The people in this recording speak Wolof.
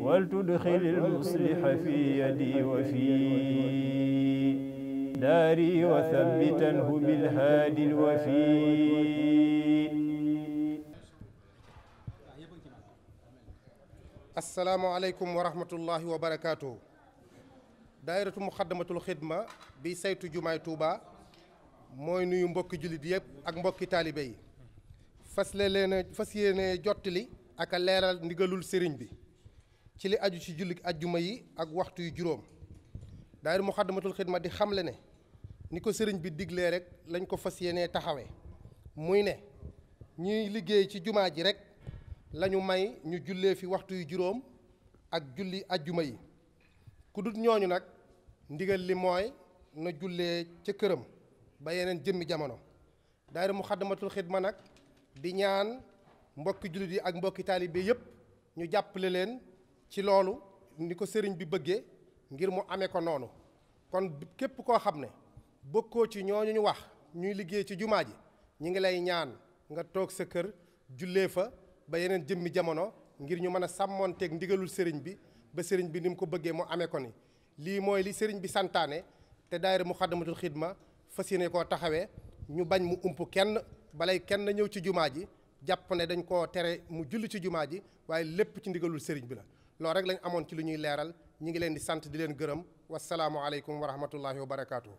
ولتدخل المصلح في يدي وفي داري وثبتنه بالهادي الوفي asalaamualeykum wa rahmatullahi wa barakaatu daayiratu muxaddamatul xidma bi saytu jumaay Touba mooy nuyu mbokki jullit yëpp ak mbokki taalibe yi fas leen fas yéene jottali ak a leeral ndigalul sëriñ bi ci li aju ci jullit ajjuma yi ak waxtu yu juróom daayir muxaddamatul xidma di xamle ne ni ko sëriñ bi diglee rek lañ ko fas yéenee taxawee muy ne ñuy liggéey ci jumaa ji rek lañu may ñu jullee fi waxtu yu juróom ak julli ajjuma yi ku dut ñooñu nag ndigal li mooy na jullee ca këram ba yeneen jëmmi jamono daayira muxaddamatul xidma nag di ñaan mbokki jullit yi ak mbokki taalibe yépp ñu jàppale leen ci loolu ni ko sëriñ bi bëggee ngir mu amee ko noonu kon képp koo xam ne bokkoo ci ñooñu ñu wax ñuy liggéey ci jumaa ji ñu ngi lay ñaan nga toog sa kër jullee fa ba yeneen jëmmi jamono ngir ñu mën a sàmmoonteeg ndigalul sëriñ bi ba sëriñ bi ni mu ko bëggee mu amee ko ni lii mooy li sëriñ bi santaane te daayira Muxaddamatul Xidma fas yéene koo taxawee ñu bañ mu ump kenn balay kenn ñëw ci jumaa ji jàpp ne dañ koo tere mu julli ci jumaa ji waaye lépp ci ndigalul bi la loolu rek lañ amoon ci lu ñuy leeral ñi ngi leen di sant di leen gërëm wasalaamualeykum wa rahmatullahi wa barakaatu.